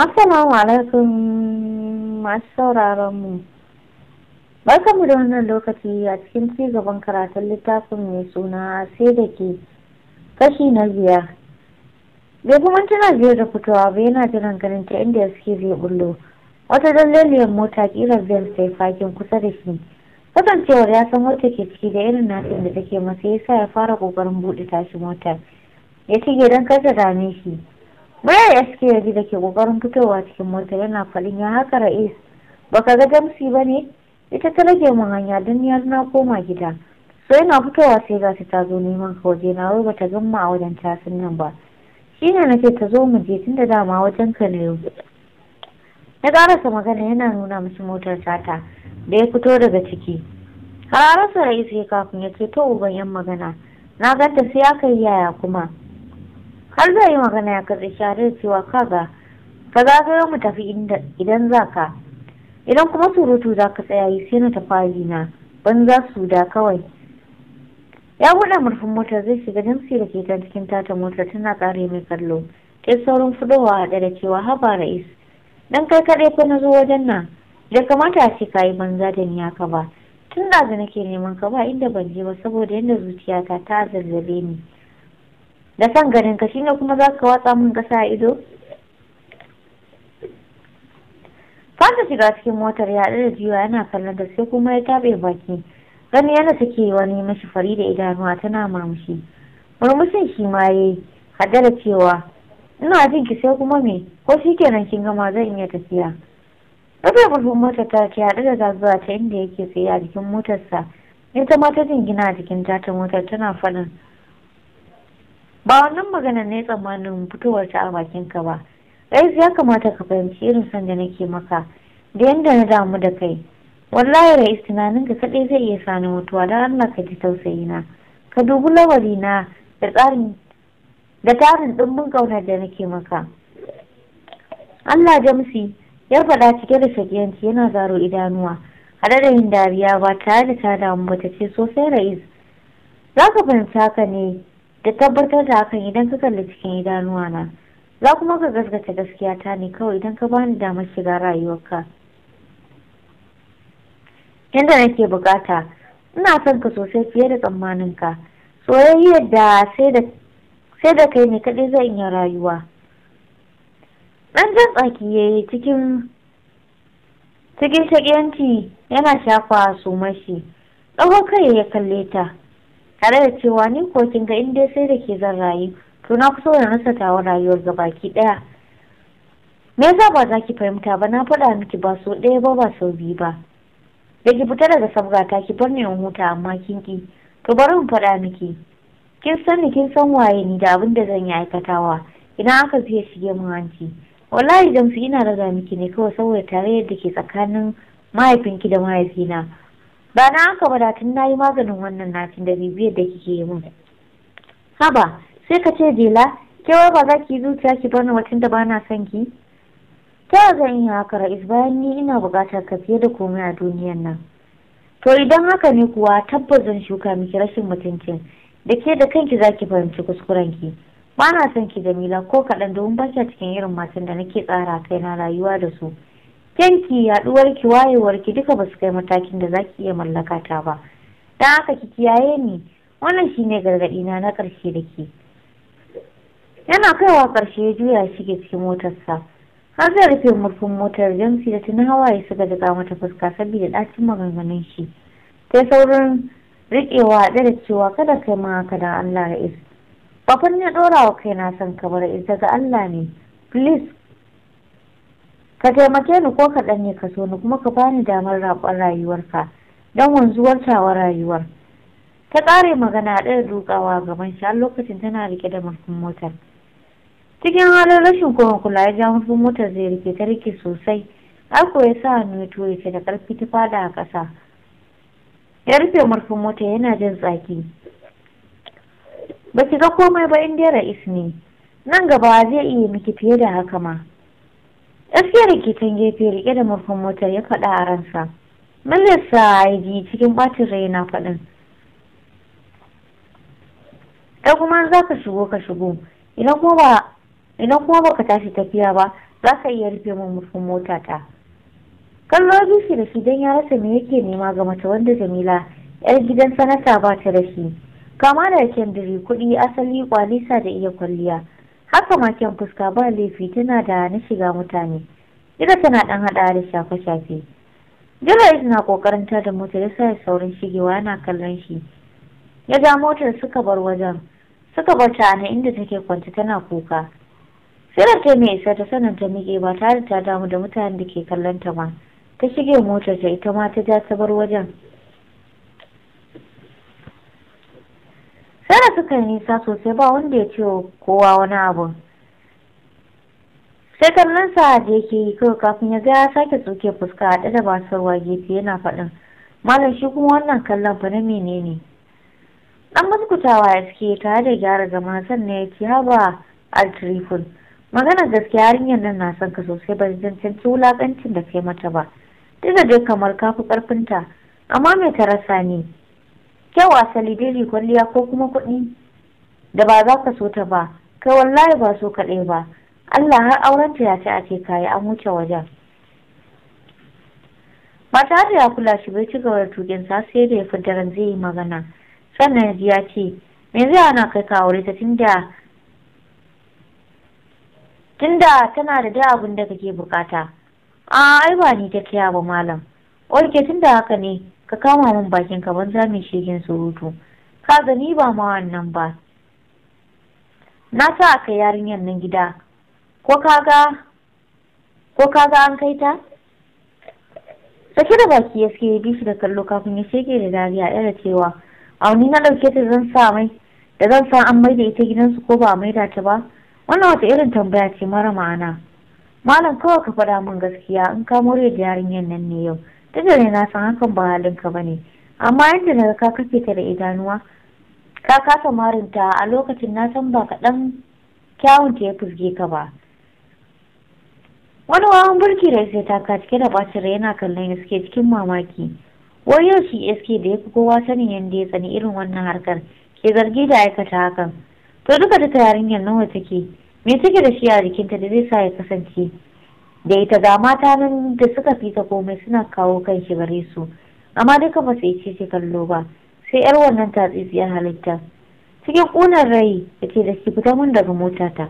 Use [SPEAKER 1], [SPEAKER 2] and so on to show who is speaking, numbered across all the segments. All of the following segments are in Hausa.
[SPEAKER 1] Assalamu alaikum masu sauraron mu. Barkamu da wannan lokaci a cikin ci gaban karatun littafin mai suna sai da ke kashi na biyar. Bai kuma tana biyar da fitowa ba yana jiran ganin ta inda suke zai bullo. Wata daliliyar mota kira biyar sai fakin kusa da shi. Kasancewar ya san wata ke ciki da irin nasin da take masa ya sa ya fara kokarin buɗe tashi motar. Ya ci gidan kasa dame shi. Bayan SKD da ke kokarin fitowa cikin mota yana falin ya haka ra'is. Ba ka ga jamsi ba ne? Ita ta rage mun hanya don ya na koma gida. So yana fitowa sai ga ta zo neman ka waje na wai bata gama a wajen tasin nan ba. Shi ne nake ta zo mu je tun da dama wajen ka ne. Na ƙarasa magana yana nuna mishi motar tata da ya fito daga ciki. Har Hararsa ra'is ya kafin ya ce to uban yan magana. Na ganta sai aka yi yaya kuma. har zai yi magana ya karɓi shahadar cewa kaga ka zagayo mu tafi idan za ka idan kuma surutu za ka tsaya yi sai na tafi na ban za su da kawai ya buɗe murfin motar zai shiga damsi da ke kan cikin tata motar tana ƙare mai kallo ta saurin fudowa haɗe da cewa haba ra'is dan kai kaɗai fa na zo wajen nan da kamata a ce ka yi banza da ni haka ba tun da nake neman ka ba inda ban je ba saboda yadda zuciyata ta zazzabe ni da san ganin ka shine kuma za ka watsa min kasa a ido fata shiga cikin motar ya da jiwa yana kallon da sai kuma ya tabe baki gani yana take wani mashi fari da idanuwa tana murmushi murmushin shi ma ya yi haddara cewa ina jin ki sai kuma me ko shi kenan kin gama zan iya tafiya rufe murfin motar ta ke haɗu da zazuwa ta inda yake tsaye a jikin motarsa ita ma ta jingina a jikin ta motar tana faɗin ba wannan maganar ne tsammanin fitowar ta a bakin ka ba rais ya kamata ka fahimci irin son da nake maka da yanda na damu da kai wallahi rais tunanin ka kaɗai zai iya sani mutuwa don allah ka ji tausayi na ka dubi lawari na da tsarin da tarin ɗumbin ƙaunar da nake maka allah jamsi ya faɗa cike da shagiyanci yana zaro idanuwa haɗe da yin dariya ba tare da ta damu ba ta ce sosai rais za ka fahimci haka ne da tabbatar da hakan idan ka kalli cikin idanuwa na za kuma ka gaskata gaskiya ta ne kawai idan ka bani damar shiga rayuwarka yadda nake bukata ina son ka sosai fiye da tsammanin ka soyayyar da sai da kai ne kaɗai zan iya rayuwa ɗan jan tsaki ya yi cikin cikin shaƙiyanci yana shafa su mashi ɗaukar kai ya kalle ta tare da cewa ni ko kin ga in dai sai da ke zan rayu to na kusa da rasa tawa rayuwar ki daya me yasa ba za ki fahimta ba na faɗa miki ba so ɗaya ba ba sau biyu ba da ki fita daga sabgata ki bar ni in huta amma kin ki to bari in faɗa miki kin sani kin san waye ni da abin da zan yi aikatawa ina aka zai shige min hanci wallahi jamsu ina raga miki ne kawai saboda tare da ke tsakanin mahaifinki da mahaifina ba na haka ba da na yi maganin wannan nafin da bibiyar da kike yi min haba sai ka ce jela kewa ba za ki zuciya ki bar mutum da ba na son ki ta zan yi haka ra'is bayan ni ina buƙatar ka fiye da komai a duniyar nan to idan haka ne kuwa tabbas zan shuka miki rashin mutuncin da ke da kanki za ki fahimci kuskurenki ba na son ki jamila ko kaɗan domin ba cikin irin matan da nake tsara kai na rayuwa da su kyanki yaɗuwar ki wayewar ki duka basu kai matakin da zaki iya mallaka ta ba dan haka ki kiyaye ni wannan shine gargadi na na karshe da ke yana kaiwa karshe ya juya shige cikin motarsa har zai rufe murfin motar jamsi da tuni hawaye suka daga mata fuska saboda ɗacin maganganun shi sai saurin riƙewa haɗe da cewa kada kai ma haka dan Allah ya is. Babban na ɗora wa kaina son ka bar is daga Allah ne. Please ka taimake ni ko kaɗan ne ka so ni kuma ka bani damar raɓar rayuwarka don wanzuwar tawa rayuwar ta ƙare magana a ɗaya dukawa gaban shi har lokacin tana rike da murfin motar cikin halin rashin kuma kula ya ja murfin motar zai rike ta rike sosai har ko ya sa hannu ya ture ta da ƙarfi ta fada a ƙasa ya rufe murfin motar yana jin tsaki ba ki ga komai ba in dai ra'is nan gaba zai iya miki fiye da haka ma Gaskiya da tan gefe rike da murfin motar ya faɗa a ransa. Muryarsa aidi cikin ɓacin rai na faɗin. Ɗan kuma za ka shigo ka shigo, idan kuma ba ka tashi tafiya ba za ka iya rufe min murfin mota ta. Kallo ya da shi don ya rasa me yake nema ga mace wanda Jamila 'yar gidan sanata ba ta da shi. Kama da kyan kuɗi asali kwalisa da iya kwalliya. haka maken fuska ba laifi tana da na shiga mutane ita tana ɗan haɗawa da shafe-shafe Julaid na kokarin da mota ya sa saurin shigewa yana kallon shi ya ja motar suka bar wajen suka bar ta ana inda take kwance tana kuka sirar ta mai isa ta sanin ta miƙe ba tare ta damu da mutanen da ke kallon ta ba ta shige motar ta ita ma ta ja ta bar wajen sai suka yi nisa sosai ba wanda ya ce kowa wani abu. Sai kallon sa da yake yi kawai kafin ya ga sake tsoke fuska haɗe da ruwa, gefe yana faɗin. Malam shi kuma wannan kallon fa na menene? Ɗan muskutawa ya suke tare da gyara zama sannan ya ce haba altrifun. Maganar gaskiya yarinyar nan na son ka sosai ba canci wulaƙancin da kai mata ba. Duk da dai kamar kafi ƙarfinta amma mai ta rasa ne? kyau a daidai kwalliya ko kuma kuɗi da ba za ka so ta ba kai wallahi ba so kaɗai ba Allah har auren ta ya ce a kayi an wuce wajen Mata da ya kula shi bai ci gaba da tukin sa sai da ya fi daren zai yi magana sannan ya ce me zai ana kai ka aure ta tunda tunda tana da da abin da kake bukata a ai ba ni ta kiya ba malam oke tunda haka ne ka kama min bakin ka banza mai shegen surutu ka gani ba ma wannan ba na sa aka yarinyar nan gida ko kaga ko an kai ta sake da baki ya suke ya bi shi da kallo kafin ya shege da dariya ɗaya da cewa a wani na ɗauke ta zan sa mai da zan sa an maida ita gidansu ko ba a maida ta ba wannan wata irin tambaya ce mara ma'ana malam kawai ka faɗa min gaskiya in ka more da yarinyar nan ne yau duk da na san hakan ba halinka ba ne amma yadda na ka kake ta da idanuwa ka kasa marinta a lokacin na san ba kaɗan kyawun ta ya fusge ka ba wani wawan burki da sai ta ka cike da bacin rai yana kallon iske cikin mamaki wai yau shi iske da ya fi kowa sanin yadda ya tsani irin wannan harkar ke zargi da aikata hakan to duka duka yarinyar nawa take me take da shi a jikinta da zai sa ya kasance da ita ga mata nan da suka fita komai suna kawo kan shi gare su amma duka ba su yi ce kallo ba sai yar wannan tatsitsiyar halitta cikin ƙunar rai da ke da shi fita mun daga motata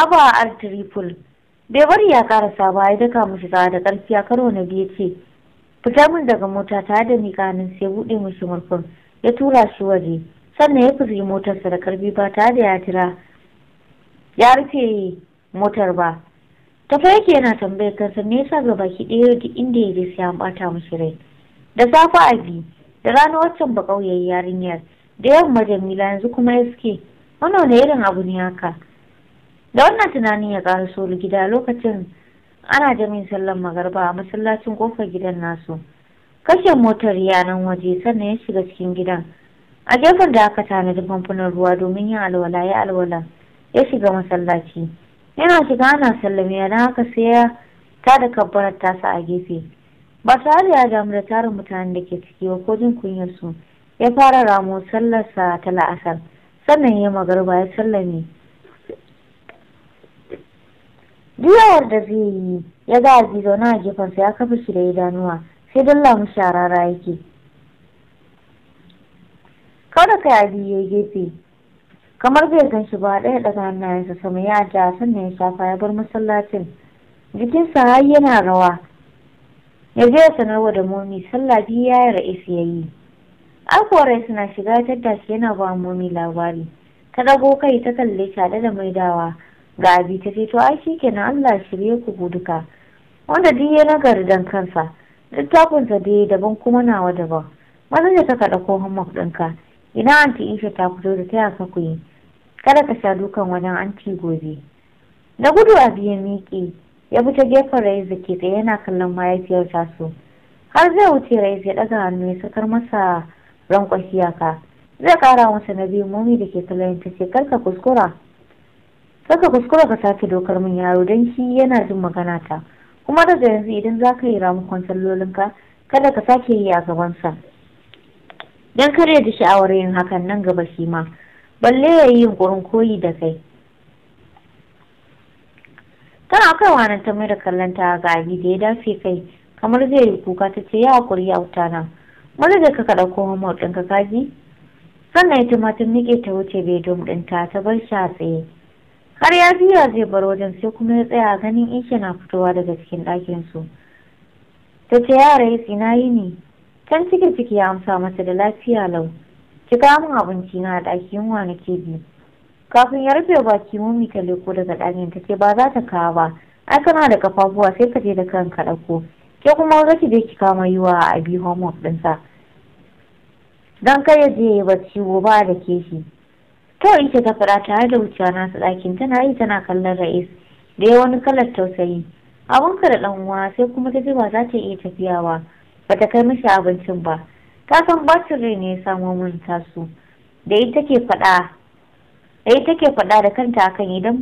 [SPEAKER 1] haba a triple bai bari ya karasa ba ya daka mushi tsawa da ƙarfi a karo na biyu ce fita mun daga mota ta da miƙanin sai buɗe mishi murfin ya tura shi waje sannan ya fi fuzi motarsa da ƙarfi ba tare da ya tira ya rufe motar ba tafa yake yana tambayar kansa me yasa ga baki ɗaya duk inda ya je sai an ɓata mishi rai da safe a biyu, da rana waccan ba ƙauyen yarinyar da yamma jamila yanzu kuma ya suke wannan wani irin abu ne haka da wannan tunanin ya ƙara solo gida lokacin ana jamin sallan magarba a masallacin ƙofar gidan nasu kashe motar yanan waje sannan ya shiga cikin gidan a gefen da aka tanadi famfunan ruwa domin yin alwala ya alwala ya shiga masallaci yana shiga ana sallame yana haka sai ya tada kabbarar tasa a gefe ba hali ya damu da tarin mutanen da ke ciki ba ko jin kunyar su ya fara ramo sallarsa ta la'asar sannan ya magarba ya sallame diyawar da zai yi ya ga aziz zaune a gefensa ya kafa shi da idanuwa sai don lamu sharara yake kawai da kai abi ya gefe kamar zai san shi ba ɗaya daga hannayensa sama ya ja sannan ya shafa ya bar masallacin jikinsa har yana rawa ya je ya sanarwa da momi sallah biyu ya yi ra'is ya yi alkawarai suna shiga ya shi yana ba momi labari ta ɗago kai ta kalle shaɗa da maidawa ga abi ta ce to ai shikenan allah shirye ku guduka wanda duk ya nagari dan kansa littafinsa dai daban kuma nawa daban maza ta kaɗa ko hammock ɗinka Ina anti isha ta fito da taya ka ku yi kada ka sha dukan wajen anti gobe Na gudu a biya miƙe ya fita gefen rais da ke tsaye yana kallon mahaifiyar tasu har zai wuce raiz ya ɗaga hannu ya sakar masa rankwasi ka zai ƙara masa na biyu momi da ke kallon ta ce karka kuskura karka kuskura ka sake dokar min yaro don shi yana jin magana ta kuma daga yanzu idan za ka yi ramukon sallolinka kada ka sake yi a gabansa don kar ya ji sha'awar yin hakan nan gaba shi ma balle ya yi yunkurin koyi da kai tana kai nan ta mai da kallon ta ga abi da ya dafe kai kamar zai yi kuka ta ce ya hakuri ya wuta nan mara da ka kaɗa ko homer ka kaji sannan ita ma ta miƙe ta wuce dom ɗinta ta ta bar sha tsaye har ya biya zai bar wajen sai kuma ya tsaya ganin ishe na fitowa daga cikin ɗakin su ta ce yara yi tsinayi ne can cikin ciki ya amsa masa da lafiya lau ki kawo min abinci na a ɗaki yunwa ke bi kafin ya rufe baki mummi ta leko daga ɗakin ta ce ba za ta kawo ba ai kana da kafafuwa sai ka je da kanka ɗauko ke kuma za ki je ki kama yiwa a abi homework ɗinsa don kai ya je ya bacci gobe da ke shi to ita ta fara tare da wuciya nasu ɗakin tana yi tana kallon ra'is da ya wani kalar tausayi abun ka da ɗan uwa sai kuma ta ce ba za ta iya tafiya ba bata kai mishi abincin ba ta san batiri ne ya samo mun tasu da ita ke faɗa da ita ke faɗa da kanta akan idan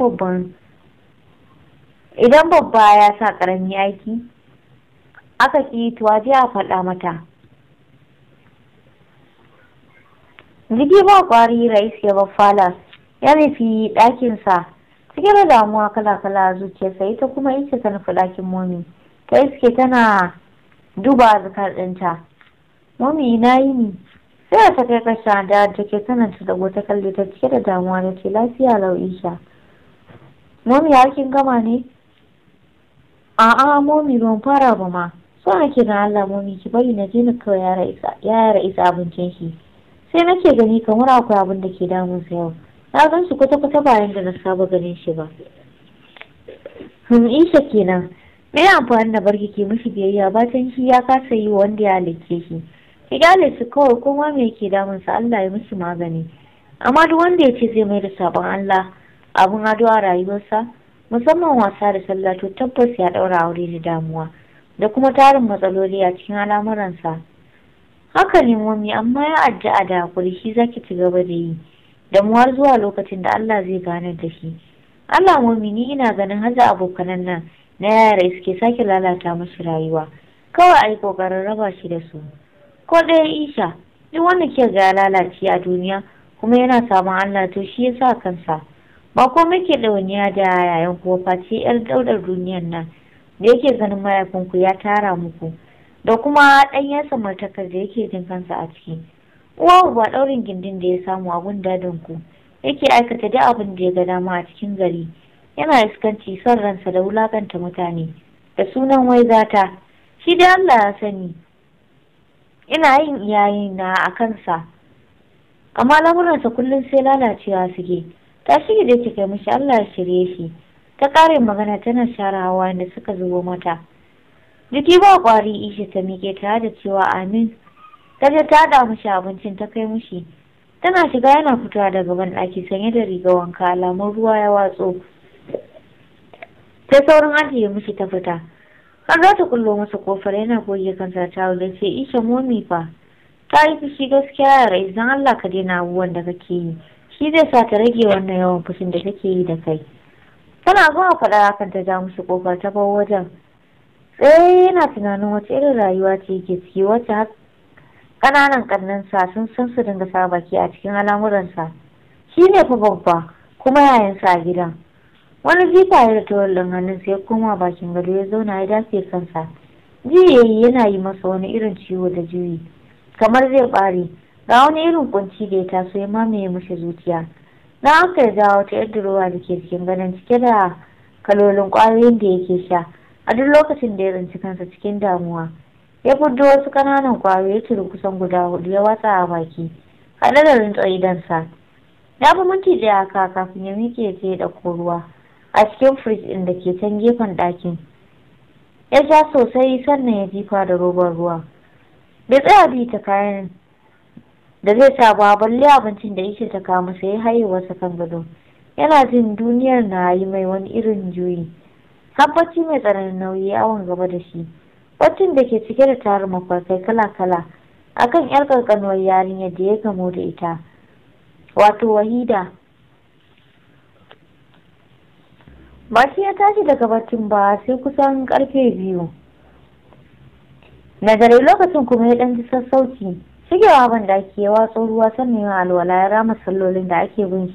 [SPEAKER 1] idan babba ya sa ƙarami aiki aka ki tuwa a faɗa mata Jiki ba ƙwari rais ya baffala ya nufi ɗakinsa cike da damuwa kala-kala a zuciyarsa ita kuma ita ta nufi ɗakin momi ta iske tana duba zakar ɗinta mami na yi ni sai ta kai kasha da take sananta da ta kalle ta cike da damuwa da ce lafiya lau'in sha. mami ya kin gama ne a'a Mami, ban fara ba ma so ake na Allah mami ki bari na je na kawai yara isa yara isa abincin shi sai nake gani kamar akwai abin da ke damun sa yau na gan su kwata kwata bayan da na saba ganin shi ba hum isha kenan me ya amfani da barki ke miki biyayya batan shi ya kasa yi wanda ya halicce shi ki gyale su kawai kuma me ke damun sa Allah ya musu magani amma duk wanda ya ce zai mai da sabon Allah abun ado a rayuwarsa musamman wasa da sallah to tabbas ya ɗaura aure da damuwa da kuma tarin matsaloli a cikin al'amuransa haka ne Mami amma ya addu'a da hakuri shi zaki ci gaba da yi damuwar zuwa lokacin da Allah zai gane da shi Allah Mami ni ina ganin haza abokanan nan na yara suke sake lalata musu rayuwa kawai a yi ƙoƙarin raba shi da su ko ɗaya isha duk wanda ke ga lalace a duniya kuma yana samun allah to shi ya sa kansa ba ko muke ɗauniya da yayan kuma face yar ɗaurar duniyar nan da yake ganin mayafinku ya tara muku da kuma ɗanyen samartakar da yake jin kansa a ciki uwa ba ɗaurin gindin da ya samu a gun dadinku yake aikata duk abin da ya ga dama a cikin gari yana iskanci son ransa da wulakanta mutane da sunan wai zata shi dai Allah ya sani ina yin iyayena a kansa amma lamuransa kullum sai lalacewa suke ta shi da kika mishi Allah ya shirye shi ta ƙarin magana tana share hawa da suka zubo mata jiki ba kwari ishe ta miƙe ta da cewa amin ta je ta haɗa mishi abincin ta kai mishi tana shiga yana fitowa daga ban ɗaki sanye da riga wanka alamun ruwa ya watso sai saurin ajiye mishi ta fita har za ta kullo masa kofar yana goge kansa ta wuri ce ishe momi fa ta yi fushi gaskiya ya rai zan Allah ka daina abubuwan da kake yi shi zai sa ta rage wannan yawan fushin da take yi da kai tana zuwa faɗa hakan ta ja musu kofar ta bar wajen tsaye yana tunanin wace irin rayuwa ce yake ciki wacce ƙananan sa sun san su dinga sa baki a cikin al'amuransa shi ne fa babba kuma yayansa a gidan wani ya da tawallon hannunsa ya koma bakin gado ya zauna ya dace kansa jiya yi yana yi masa wani irin ciwo da juyi kamar zai bare ga wani irin kunci da ya taso ya mamaye mashi zuciya na aka ya jawo ta yadda ruwa da ke cikin ganin cike da kalolin kwayoyin da yake sha a duk lokacin da ya rinci kansa cikin damuwa ya fuddo wasu kananan ya ciri kusan guda hudu ya watsa a baki haɗe da rintsa idansa ya fi minti da haka kafin ya miƙe ya je ya ɗauko ruwa a cikin firij ɗin da ke can gefen ɗakin ya sha sosai sannan ya jifa da robar ruwa bai tsaya bi ta kayan da zai sa ba balle abincin da yake ta kama sai ya wasa kan gado yana jin duniyar na yi mai wani irin juyi habbaci mai tsananin nauyi awon gaba da shi Wacin da ke cike da tarin mafarkai kala-kala akan yar karkanuwar yarinyar da ya gamo da ita wato wahida shi ya tashi daga baccin ba sai kusan karfe biyu. Nazare lokacin kuma ya ɗan sassauci. Shigewa ban da ake watsa ruwa sannan alwala ya rama sallolin da ake bin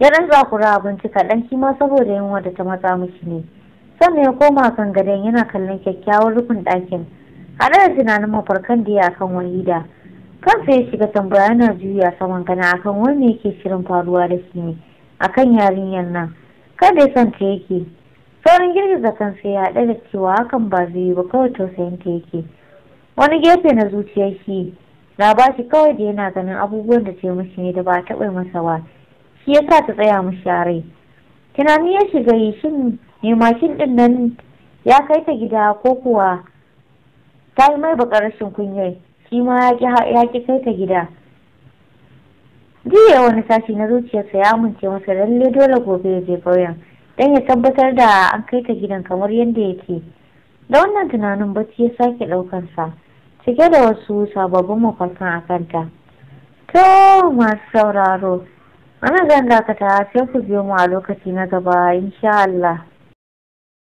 [SPEAKER 1] Ya ɗan zakura abinci kaɗan shi ma saboda yunwa da ta matsa mishi ne. Sannan ya koma kan gadon yana kallon kyakkyawan rufin ɗakin. Haɗe da tunanin mafarkan da ya kan wahida. Kansa ya shiga tambaya yana juya saman kana akan wani yake shirin faruwa da shi ne akan yarinyar nan. kada ya son ta yake saurin girgiza kansa ya haɗe da cewa hakan ba zai yi ba kawai tausayin ta yake wani gefe na zuciyar shi na ba shi kawai da yana ganin abubuwan da ce mishi ne da ba a taɓa masa ba shi ya sa ta tsaya mishi a rai tunani ya shiga yi shin ne mashin ɗin nan ya kai ta gida ko kuwa ta yi mai bakar rashin kunyar shi ma ya ƙi kai ta gida Jiya wani sashi na zuciyarsa ya amince masa lalle dole gobe ya je ƙauyen don ya tabbatar da an kai ta gidan kamar yadda yake. Da wannan tunanin bacci ya sake ɗaukansa cike da wasu sababbin mafarkan a kanta. To masu sauraro, ana zan dakata sai ku biyo mu a lokaci na gaba insha Allah.